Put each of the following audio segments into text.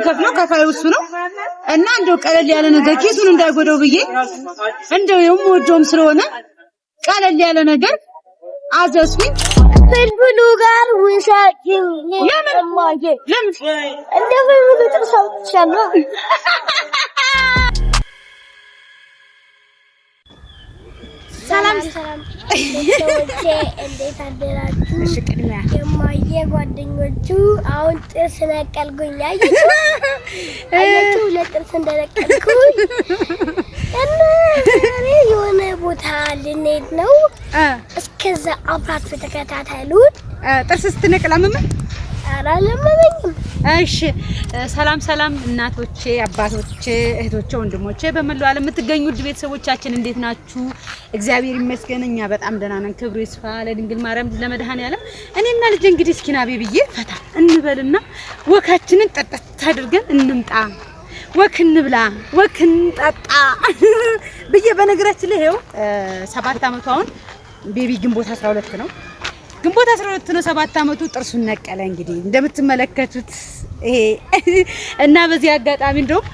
የሚከፍለው ከፋይ ውስጥ ነው እና እንደው ቀለል ያለ ነገር ኪሱን እንዳይጎደው ብዬ እንደው የምወደውም ስለሆነ ቀለል ያለ ነገር አዘዝኩኝ። ብልብሉ ጋር ውሻችን ለምን ለምን ሰላም ሰላም፣ እንዴት አደራችሁ? የጓደኞቹ አሁን ጥርስ ነቀልኩኝ። አያችሁ ለጥርስ እንደነቀልኩኝ እና የሆነ ቦታ ልንሄድ ነው። እስከዛ አብራት ተከታተሉን። ጥርስ ስትነቅል አመመኝ እሺ ሰላም ሰላም እናቶቼ፣ አባቶቼ፣ እህቶቼ፣ ወንድሞቼ በመላው ዓለም የምትገኙ ውድ ቤተሰቦቻችን እንዴት ናችሁ? እግዚአብሔር ይመስገን እኛ በጣም ደህና ነን። ክብሩ ይስፋ ለድንግል ማርያም ለመድኃኔዓለም። እኔና ልጄ እንግዲህ እስኪና ና ቤብዬ ፈታ እንበልና ወካችንን ጠጠት አድርገን እንምጣ፣ ወክ እንብላ፣ ወክ እንጠጣ ብዬ በነገራችን ላይ ይኸው ሰባት ዓመቷ አሁን ቤቢ ግንቦት 12 ነው ግንቦት 12 ነው 7 አመቱ ጥርሱን ነቀለ። እንግዲህ እንደምትመለከቱት ይሄ እና በዚህ አጋጣሚ እንደውም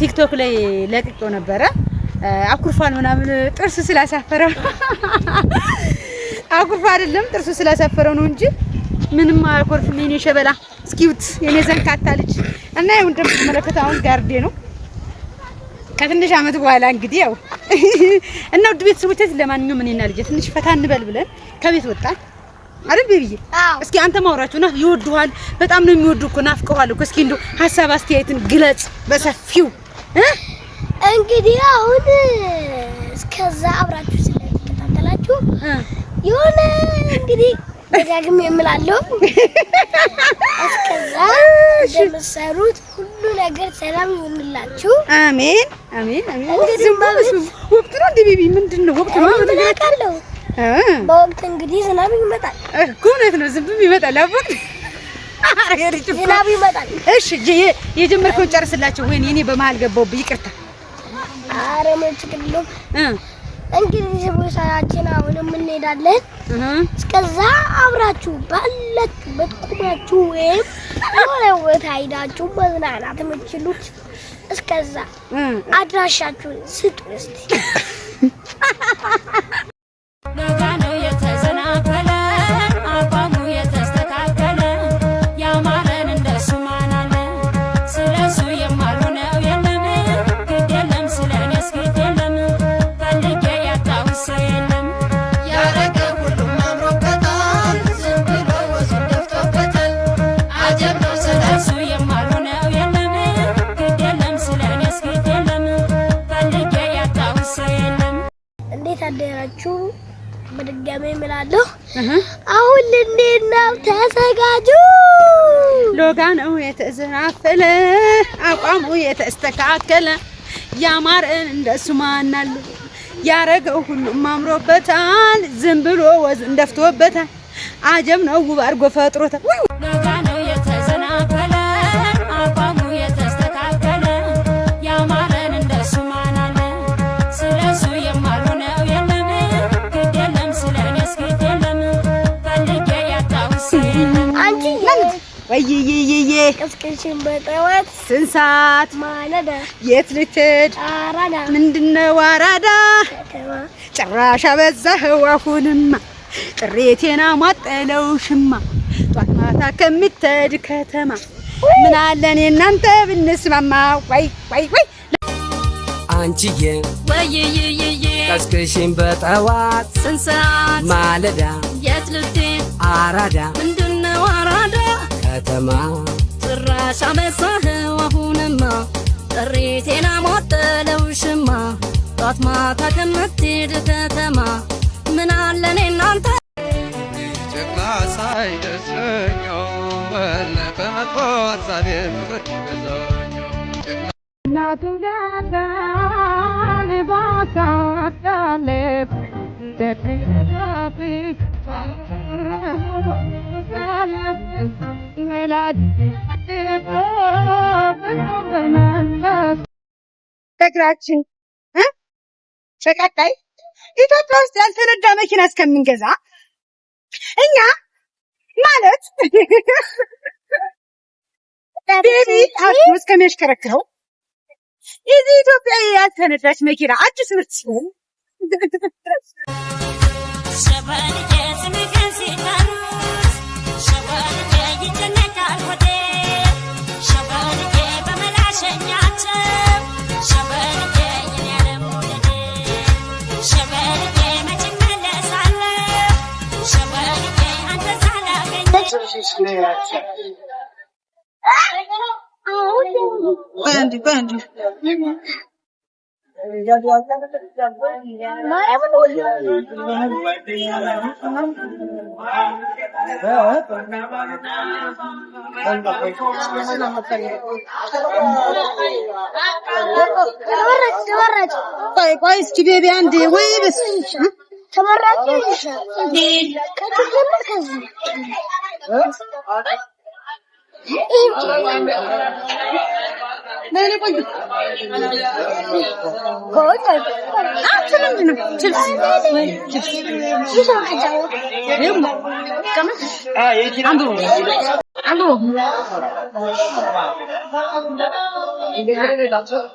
ቲክቶክ ላይ ለቅቄው ነበረ አኩርፋን ምናምን ጥርሱ ስላሳፈረው አኩርፋ አይደለም ጥርሱ ስላሳፈረው ነው እንጂ ምንም አያኮርፍም። ምን ይሸበላ ስኪውት የኔ ዘንካታ ልጅ እና ይሁን እንደምትመለከቱ አሁን ጋርዴ ነው ከትንሽ አመት በኋላ እንግዲህ ያው እና ውድ ቤተሰቦቻችን ለማንኛውም እኔና ልጄ ትንሽ ፈታ እንበል ብለን ከቤት ወጣን። አይደል ቤቢዬ? እስኪ አንተ ማውራችሁ ናፍ ይወዱሃል፣ በጣም ነው የሚወዱ እኮ ናፍቀዋል እኮ። እስኪ እንደው ሀሳብ አስተያየትን ግለጽ በሰፊው። እንግዲህ አሁን እስከዛ አብራችሁ ስለተከታተላችሁ የሆነ እንግዲህ ደጋግሜ የምላለው እስከዛ እንደምትሰሩት ሁሉ ነገር ሰላም ይሁንላችሁ። አሜን አሜን አሜን። እንግዲህ ነው እንደ ቤቢ ምንድን ነው ወቅቱ ነው በወቅት እንግዲህ ዝናብ ይመጣል እኮ እውነት ነው። ዝናብ ይመጣል አቦት ዝናብ ይመጣል። እሺ የጀመርከውን ጨርስላቸው። ወይኔ እኔ በመሀል ገባሁብህ ይቅርታ። ኧረ ምን ችግር የለውም። እንግዲህ ቦሳችን አሁን እንሄዳለን። እስከዛ አብራችሁ ባላችሁበት ቁማችሁ ወይም የሆነ ቦታ ሄዳችሁ መዝናናት የምችሉት እስከዛ አድራሻችሁን ስጡ እስኪ የተስተካከለ ያማረ እንደሱ ማናለ ያረገው ሁሉም አምሮበታል። ዝም ብሎ ወዝ እንደፍቶበታል። አጀብ ነው ውብ አድርጎ ፈጥሮታል። እይይይዬ ቅስቅሽን በጠዋት ስንት ሰዓት ማለዳ የት ልትሄድ አራዳ ምንድን አራዳ ጭራሽ አበዛኸው አሁንማ ሟጠለው ሽማ ጧት ማታ ከምትሄድ ከተማ ምን አለ እኔ እናንተ ብንስማማ ወይ ወይ ወይ አንቺዬ በጠዋት ስንት ሰዓት ማለዳ የት ልትሄድ አራዳ ከተማ ጭራሽ አበዛኸው አሁንማ ጥሪቴና ሞጠለው ሽማ ጧት ማታ ከምትሄድ ከተማ ምን አለን እናንተ ጀግና ሳይደሰኛው ለከመጥፎ ሀሳቤ ፍቅር ገዛኛው እናቱ ዳዳን ባታ አዳሌብ ደቅዳፊ እግራችን በቀጣይ ኢትዮጵያ ውስጥ ያልተነዳ መኪና እስከምንገዛ እኛ ማለት ቤቢ ሀብቱ እስከሚያሽከረክረው የዚህ ኢትዮጵያዊ ያልተነዳች መኪና አዲስ ምርት ሲሆን ሸባ ልጄ ቆይ አንዴ ቆይ አንዴ ቆይ እስኪ ቤቢ አንዴ ወይ በስ ተመራቂ ከዚህ 거울 아, 천원주는 칩스. 왜 칩스? 시선하자고. 매운 거. 잠깐만. 아, 얘기 안 들어. 안 들어. 이게 하늘을 낮춰.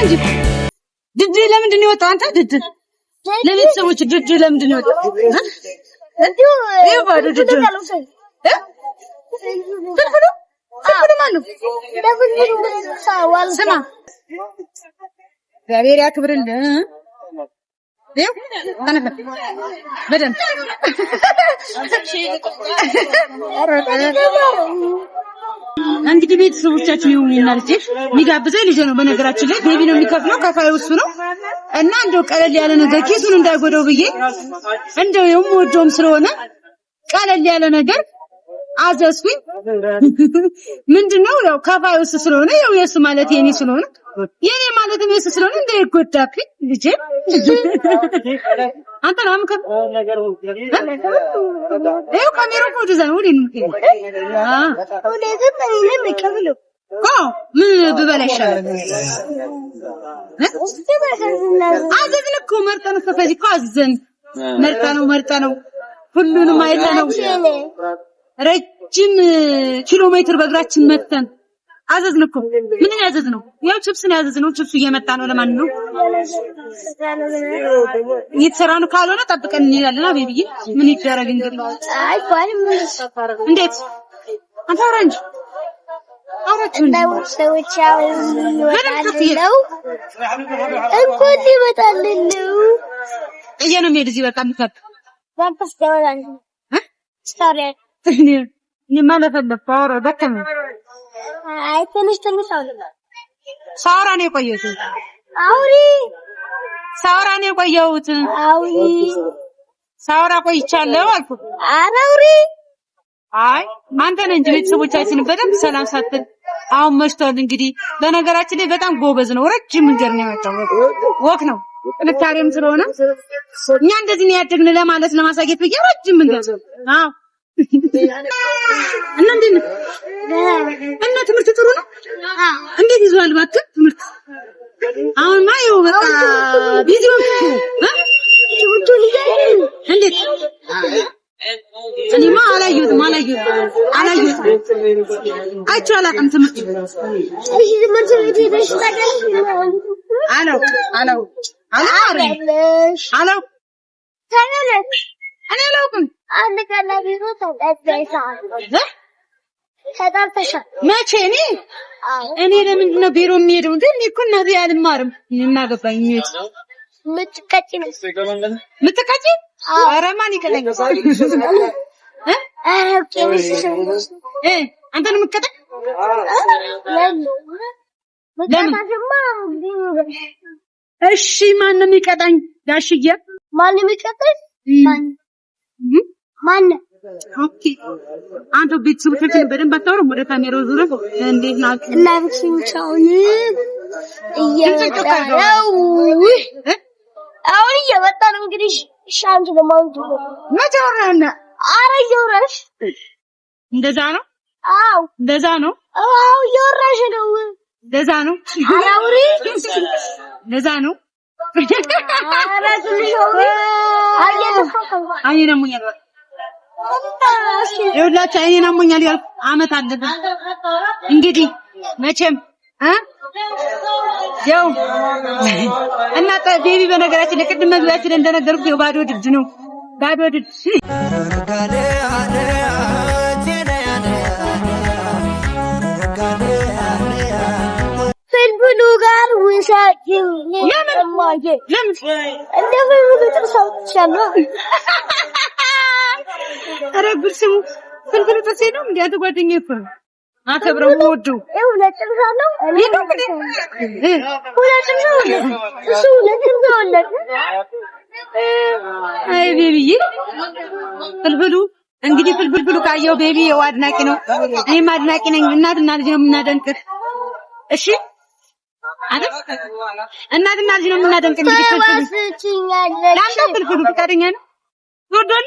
እንጂ ድድ ለምንድን ነው የወጣው? አንተ ድድ ለቤተሰቦች ድድ ለምንድን ነው የወጣው? ስማ እግዚአብሔር ያክብርልህ። በደንብ እንግዲህ ቤተሰቦቻችን ይሁንና ልጄ የሚጋብዘኝ ልጅ ነው። በነገራችን ላይ ቤቢ ነው የሚከፍለው፣ ከፋይ ውስጥ ነው እና እንደው ቀለል ያለ ነገር ኬቱን እንዳይጎዳው ብዬ እንደው ወደውም ስለሆነ ቀለል ያለ ነገር አዘዝኩኝ። ምንድነው ያው ከፋይ ውስጥ ስለሆነ ያው የሱ ማለት የኔ ስለሆነ የኔ ማለት ነው እሱ ስለሆነ እንደ እንዳይጎዳብኝ ልጄ አንተ ነው አምከ ይኸው ካሜራው እኮ ወደዛ ነው ወደ እኔ የምትሄድ እኮ ምን ብበላ ይሻላል? አዘዝን እኮ መርጠን እኮ ከዚህ እኮ አዘዝን መርጠ ነው መርጠ ነው ሁሉንም አይተነው ረጅም ኪሎ ሜትር በእግራችን መተን አዘዝን እኮ ምን ያዘዝ ነው? ያው ያዘዝ ነው ያዘዝነው። ችፕሱ እየመጣ ነው። ለማን ነው እየተሰራ ነው? ካልሆነ ጠብቀን እንሄዳለን። አቤብዬ ምን ይደረግ እንግዲህ። እንዴት አንተ አውራ እንጂ አውራ አይ ትንሽ ትንሽ አውራ ሳውራ ነው የቆየሁት። አውሪ ሳውራ ነው የቆየሁት። አውሪ ሳውራ ቆይቻለሁ አልኩ። ኧረ አውሪ። አይ አንተ እንጂ ቤተሰቦቻችን በደንብ ሰላም ሳትል አሁን መሽቷል። እንግዲህ በነገራችን ላይ በጣም ጎበዝ ነው። ረጅም መንገድ ነው የመጣው። ወክ ነው ጥንካሬም ስለሆነ እኛ እንደዚህ ነው ያደግን ለማለት ለማሳየት ብዬ ረጅም መንገድ አዎ እና እንዴት ነው እና ትምህርት ጥሩ ነው? እንዴት ይዟል እባክህ ትምህርት? አሁንማ ይኸው በቃ ቢዚ እንዴት እኔማ አላየሁትም አላየሁትም አላየሁትም አይቼው አላውቅም። ትምህርት አለው አለው አለው አለው እኔ አላውቅም አንድ ቀን ለቢሮ ተቀዳይ ሰዓት መቼ? እኔ እኔ ለምንድን ነው ቢሮ የሚሄደው? እንደ እኔ እኮ እናቴ አልማርም። እናገባኝ ይሄድ ምትቀጪ ነው ምትቀጪ? ኧረ ማን ይቀጣኝ? አንተ ነው የምትቀጣኝ? እሺ ማን ነው የሚቀጣኝ? ጋሽዬ ማን ነው የሚቀጣኝ? ማን ኦኬ፣ አንተ ቤተሰቦቻችን በደንብ አታወራም። ወደ ካሜራው ዙረ እንዴት ናችሁ? እና ብቻውን እየመጣ ነው። አሁን እየመጣ ነው። እንግዲህ ሻንት ለማውጡ መጨረሻና አረ እየወራሽ እንደዛ ነው። አዎ እንደዛ ነው። አዎ እየወራሽ ነው። እንደዛ ነው። አራውሪ እንደዛ ነው። አረ ትንሽ ትልሽ አየ ነው ይኸውላችሁ አይኔን አሞኛል ያልኩ አመት አለፈ። እንግዲህ መቼም ያው እና ቤቢ በነገራችን ለቅድም መግቢያችን እንደነገርኩ ባዶ ድድ ነው ባዶ ድድ ጋር ኧረ ጉድ ስሙ። ፍልፍል ጥሴ ነው እንዴ? አንተ ጓደኛዬ እኮ አከብረው ወዱ ሁለት አለው። እሱ ሁለት አይ ቤቢዬ ፍልፍሉ እንግዲህ ፍልፍል ብሉ ካየው ቤቢ የው አድናቂ ነው። እኔም አድናቂ ነኝ። እናትና ልጅ ነው የምናደንቅህ። እሺ አይደል? እናትና ልጅ ነው የምናደንቅህ። እንግዲህ ፍልፍል ፍቃደኛ ነው ትወዷለህ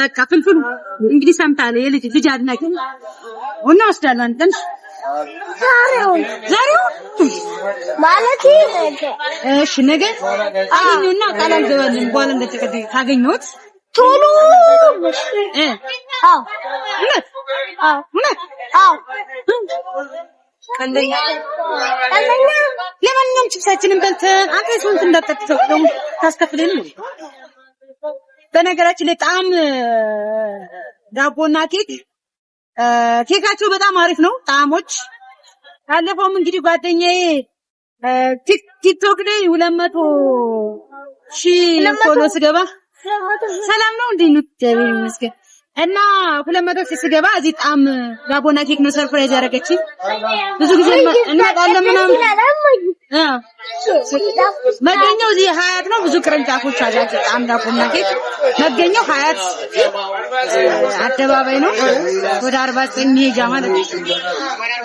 በቃ ፍልፍሉ እንግዲህ ሰምታለ የልጅ ልጅ አድናቂ ቡና ወስዳለሁ። አንተን ዛሬው ዛሬው ማለት እሺ፣ ነገ አገኘሁና ቃል አልገባልም። በኋላ እንደተቀደ ካገኘሁት ቶሎ ለማንኛውም ችብሳችንን በልተን አንተ እንዳጠጥተው ታስከፍለን ነው በነገራችን ላይ ጣም ዳቦና ኬክ ኬካቸው በጣም አሪፍ ነው። ጣዕሞች ካለፈውም እንግዲህ ጓደኛዬ ቲክቶክ ላይ ሁለት መቶ ሺህ ፎሎ ስገባ ሰላም ነው እንዴ ነው እግዚአብሔር ይመስገን። እና ሁለት መቶ ሺህ ስገባ እዚህ ጣም ዳቦና ኬክ ነው ሰርፕራይዝ ያደረገችኝ። ብዙ ጊዜ እንመጣለን ምናምን መገኘው እዚህ ሀያት ነው። ብዙ ቅርንጫፎች አላት። በጣም ዳቦና ኬክ መገኘው ሀያት አደባባይ ነው። ወደ አርባ ዘጠኝ መሄጃ ማለት ነው።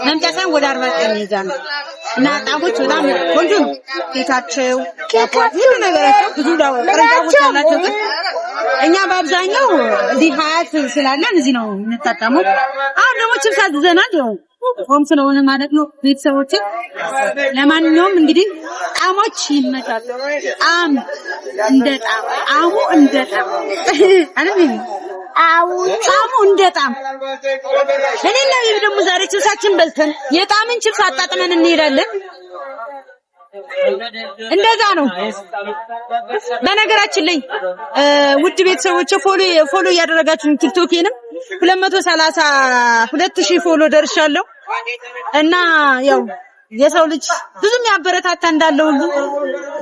መምጫ ሳይሆን ወደ አርባ ዘጠኝ መሄጃ ነው እና ጣፎች በጣም ቆንጆ ነው። ኬካቸው ሁሉ ነገራቸው ብዙ ቅርንጫፎች አላቸው ግን እኛ በአብዛኛው እዚህ ሀያት ስላለን እዚህ ነው የምንታጠመው። አሁን ደግሞ ችብሳ ዝዘናል ነው ጾም ስለሆነ ማለት ነው። ቤተሰቦችን ለማንኛውም እንግዲህ ጣሞች ይመጣሉ። ጣም እንደ ጣም አሙ እንደ ጣም አው ጣሙ እንደ ጣም እኔና ይሄ ደግሞ ዛሬ ችብሳችን በልተን የጣምን ችብስ አጣጥመን እንሄዳለን። እንደዛ ነው። በነገራችን ላይ ውድ ቤተሰቦች ፎሎ ፎሎ እያደረጋችሁ ቲክቶኬንም 230 2000 ፎሎ ደርሻለሁ እና ያው የሰው ልጅ ብዙ የሚያበረታታ እንዳለ ሁሉ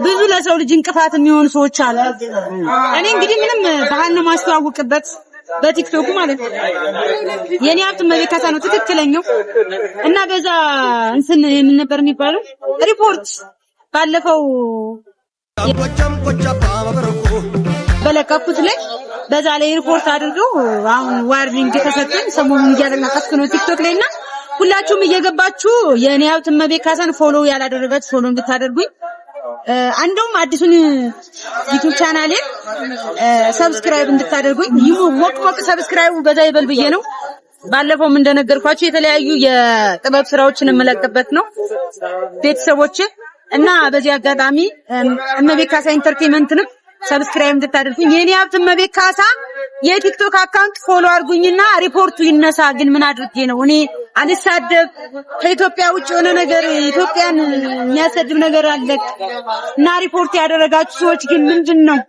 ብዙ ለሰው ልጅ እንቅፋት የሚሆኑ ሰዎች አሉ። እኔ እንግዲህ ምንም ባህል ነው ማስተዋወቅበት በቲክቶኩ ማለት ነው። የኔ ሀብት መቤካታ ነው ትክክለኛው እና በዛ እንስን ምን ነበር የሚባለው ሪፖርት ባለፈው በለቀኩት ላይ በዛ ላይ ሪፖርት አድርገው አሁን ዋርኒንግ የተሰጠን ሰሞኑን እያለቀስኩ ነው ቲክቶክ ላይ እና ሁላችሁም እየገባችሁ የኔ ያውት እመቤት ካሳን ፎሎ ያላደረጋችሁ ፎሎ እንድታደርጉኝ አንደውም አዲሱን ዩቱብ ቻናሌን ሰብስክራይብ እንድታደርጉኝ ይሙ ሞቅ ሞቅ ሰብስክራይቡ በዛ ይበል ብዬ ነው። ባለፈውም እንደነገርኳችሁ የተለያዩ የጥበብ ስራዎችን የምለቅበት ነው ቤተሰቦቼ እና በዚህ አጋጣሚ እመቤት ካሳ ኢንተርቴንመንትንም ሰብስክራይብ እንድታደርጉኝ የኔ ሀብት እመቤት ካሳ የቲክቶክ አካውንት ፎሎ አድርጉኝና ሪፖርቱ ይነሳ። ግን ምን አድርጌ ነው እኔ አልሳደብ። ከኢትዮጵያ ውጭ የሆነ ነገር ኢትዮጵያን የሚያሰድብ ነገር አለ እና ሪፖርት ያደረጋችሁ ሰዎች ግን ምንድን ነው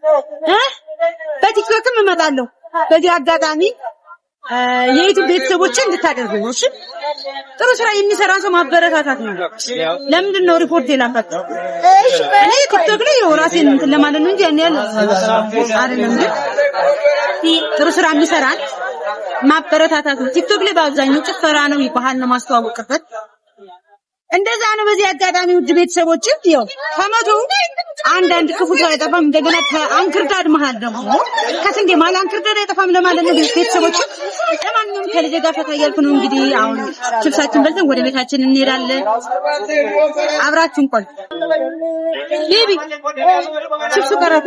በቲክቶክም እመጣለሁ በዚህ አጋጣሚ የዩቲዩብ ቤተሰቦች እንድታደርጉ ነው። እሺ፣ ጥሩ ስራ የሚሰራ ሰው ማበረታታት ነው። ለምንድን ነው ሪፖርት የላካት? እሺ፣ እኔ ቲክቶክ ላይ ራሴን እንትን ለማለት ነው እንጂ ያን ያህል አይደለም። ግን ጥሩ ስራ የሚሰራን ማበረታታት ነው። ቲክቶክ ላይ በአብዛኛው ጭፈራ ነው፣ ባህል ነው ማስተዋወቅበት እንደዛ ነው። በዚህ አጋጣሚ ውድ ቤተሰቦች ይው ከመቶ አንዳንድ ክፉ ሰው አይጠፋም። እንደገና ከአንክርዳድ መሀል ደግሞ ከስንዴ መሀል አንክርዳድ አይጠፋም ለማለት ነው ቤተሰቦች። ለማንኛውም ከልጄ ጋር ፈታ እያልኩ ነው እንግዲህ አሁን ችብሳችን በልተን ወደ ቤታችን እንሄዳለን። አብራችሁን ቆይ። ቢቢ ችብሱ ቀረብ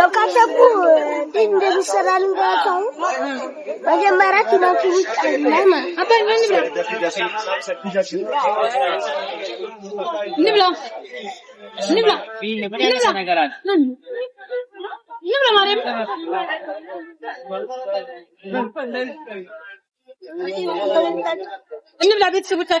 ያው ካሰብኩ እንዴት እንደሚሰራ ልንገራችሁ። መጀመሪያ ቲማቲ ውስጥ እንብላ ማርያም እንብላ ቤተሰቦቻችን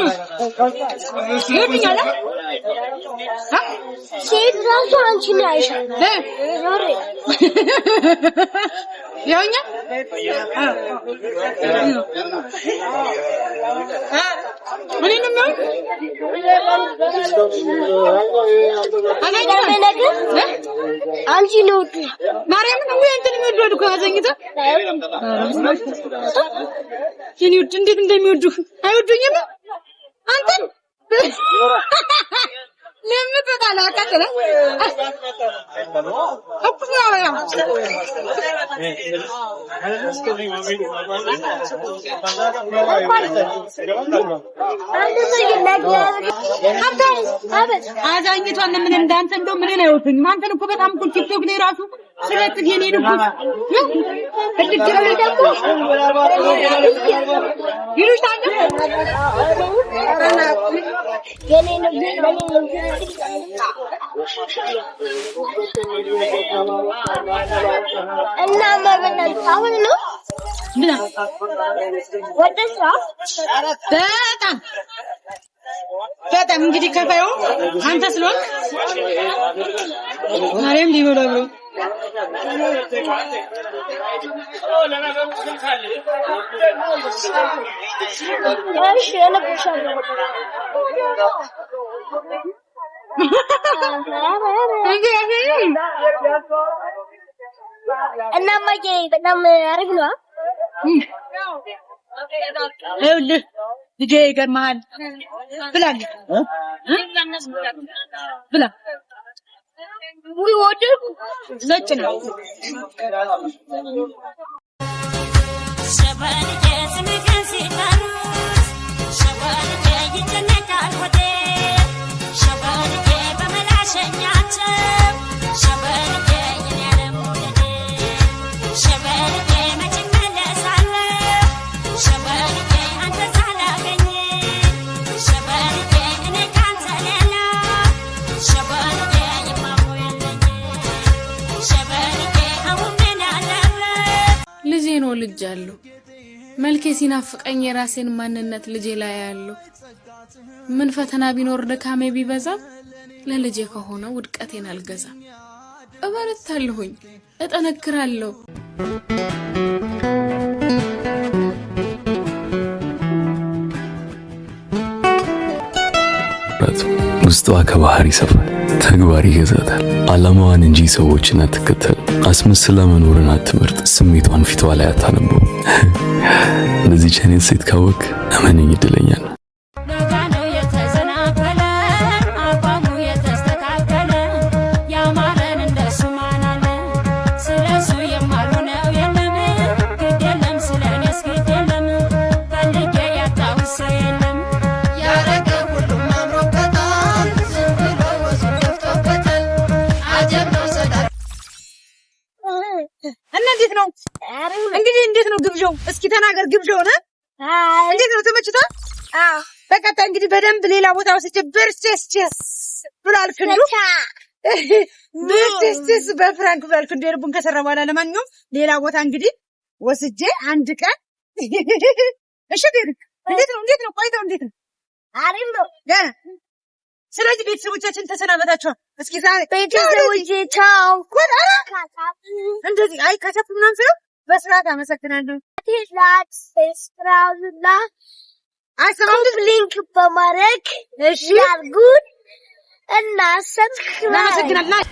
musunuz? Gördün ya lan. Ha? Şey biraz sonra içine Ayşe. Ne? Yoruyor. Ya ne? Ha. Bu ne lan? Ana ne? Ne? Amca ne oldu? Meryem'in bu yöntemini öldürdük ona zengide. Yeni yurtun dedim demiyorduk. Ha yurtun ya mı? አንተ አዛኝቷን ለምን እንዳንተ እንደው ምንን አይወቱኝም። አንተን እኮ በጣም እኮ ቲክቶክ ላይ ራሱ በጣም በጣም እንግዲህ ከፋዩ አንተ ስለሆንክ ማርያም ሊበላ ብሎ Ben şöyle boşaldım. እናማ በጣም አሪፍ ነው። ይኸውልህ ልጄ ይገርምሃል ብላለች ብላ ሙሉ ወደድኩ። ነጭ ነው። ሸበል መልኬ ሲናፍቀኝ የራሴን ማንነት ልጄ ላይ ያለው ምን ፈተና ቢኖር ድካሜ ቢበዛም ለልጄ ከሆነ ውድቀቴን አልገዛም። እበረታለሁኝ፣ እጠነክራለሁ። ውስጧ ከባህር ይሰፋል፣ ተግባር ይገዛታል። ዓላማዋን እንጂ ሰዎችን አትከተል። አስመስላ መኖርን አትመርጥ። ስሜቷን ፊቷ ላይ አታነበው። ለዚህ ቻኔል ሴት ካወቅ እመነኝ ይድለኛል። እንዴት ነው ተመችቷል? በቀጣ እንግዲህ በደንብ ሌላ ቦታ ወስጄ ብርቼስቼስ ብሏል ክንዱ ብርቼስቼስ በፍራንክ ብሏል ክንዱ የልቡን ከሰራ በኋላ ለማንኛውም ሌላ ቦታ እንግዲህ ወስጄ አንድ ቀን እሺ። እንዴት ነው እንዴት ነው ቆይተው እንዴት ነው? አሪም ነው ገና ስለዚህ ቤተሰቦቻችን ተሰናበታችኋል። እስኪ ቤተሰቦቻቸው እንደዚህ አይ ከሰፍ ምናምን ስለው በስርዓት አመሰግናለሁ። ቴሌግራምና አስራሁን ሊንክ በማድረግ ያርጉን እና ሰብስክራይብ